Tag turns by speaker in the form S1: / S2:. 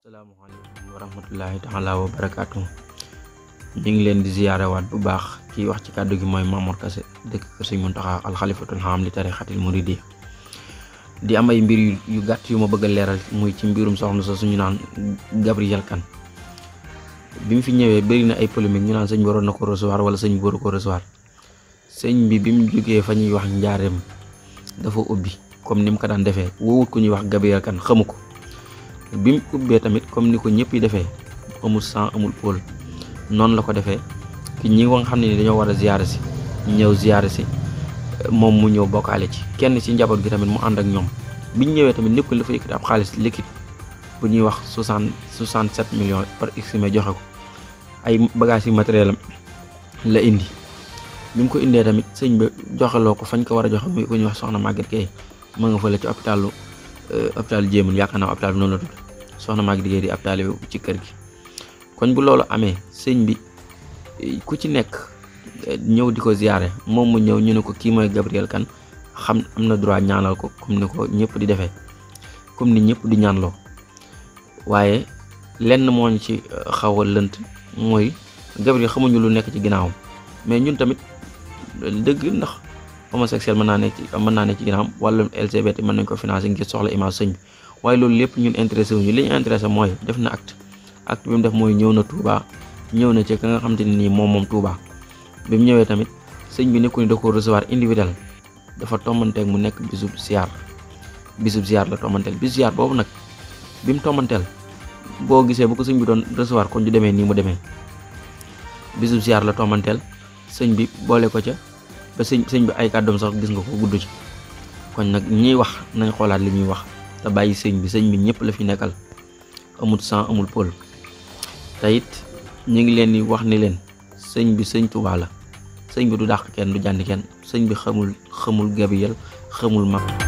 S1: asalaamaaleykum wa rahmatullahi taala wa ñu ngi leen di ziyaarewaat bu baax kii wax ci kàddu gi mooy Mamour Kassé dëkk kër Sëñ Muntaxa alxalifatul xam li tarixatil muridi di am ay mbir yu gàtt yu ma bëgg leeral muy ci mbirum soxna sa suñu naan Gabrielle Kane bi mu fi ñëwee bëri na ay polémique ñu naan sëñ waroon na ko recevoir wala sëñ waru ko recevoir sëñ bi bi mu jógee fa ñuy wax njaareem dafa ubbi comme ni mu ko daan defee woowut ku ñuy wax Gabriel Kane xamu ko bi mu ubbee tamit comme ni ko ñëpp yi defee amul sang amul pôle noonu la ko defee ki ñi nga xam ne ni dañoo war a ziyaare si ñëw ziyaare si moom mu ñëw bokkaale ci kenn ci njaboot gi tamit mu ànd ak ñoom biñ ñëwee tamit nekkul dafa yëkkati ab xaalis liquide bu ñuy wax soixante soixante sept millions par xime joxe ko ay bagages matériel am la indi bi mu ko indee tamit sëñ bi joxeloo ko fañ ko war a joxe muy ko ñuy wax soxna Maguette Gueye ma nga fële ci hôpitalu euh, hôpitalu jéemun yaakaar naa hôpital bi noonu la tudd soxna Maguette Gueye di ab taalibe ci kër gi kon bu loolu amee sëñ bi euh, ku ci nekk euh, ñëw di ko ziyaare moom mu ñëw ñu ne ko kii mooy Gabriel Kane xam am na droit ñaanal ko comme ni ko ñëpp di defee comme ni ñëpp di ñaanloo waaye lenn moo ñu ci xaw lënt mooy Gabriel xamuñu lu nekk ci ginnaawam mais ñun dëgg ndax homosexuel mën naa ne ci mën naa ne ci ginnaam wàllum LGBT mën nañ ko financé soxla image sëñ waaye loolu lépp ñun intéressé wuñu li ñu intéressé mooy def na acte acte bi mu def mooy ñëw na Touba ñëw na ci ka nga xam te ne nii moom moom Touba bi mu ñëwee tamit sëñ bi nekku ni da ko recevoir individuel dafa tombanteeg mu nekk bisub ziar bisub ziar la tombanteel bisub ziar boobu nag bi mu tombanteel boo gisee bu ko sëñ bi doon recevoir kon ñu demee nii mu demee bisub ziar la tombanteel sëñ bi boole ko ca ba sëñ sëñ bi ay kàddoom sax gis nga ko gudd ci kon nag ñiy wax nañ xoolaat li ñuy wax te bàyyi sëñ bi sëñ bi ñëpp la fi nekkal amul sang amul pôl te it ñu ngi leen di wax ni leen sëñ bi sëñ Tuubaa la sëñ bi du dàq kenn du jànd kenn sëñ bi xamul xamul gabiyel xamul mag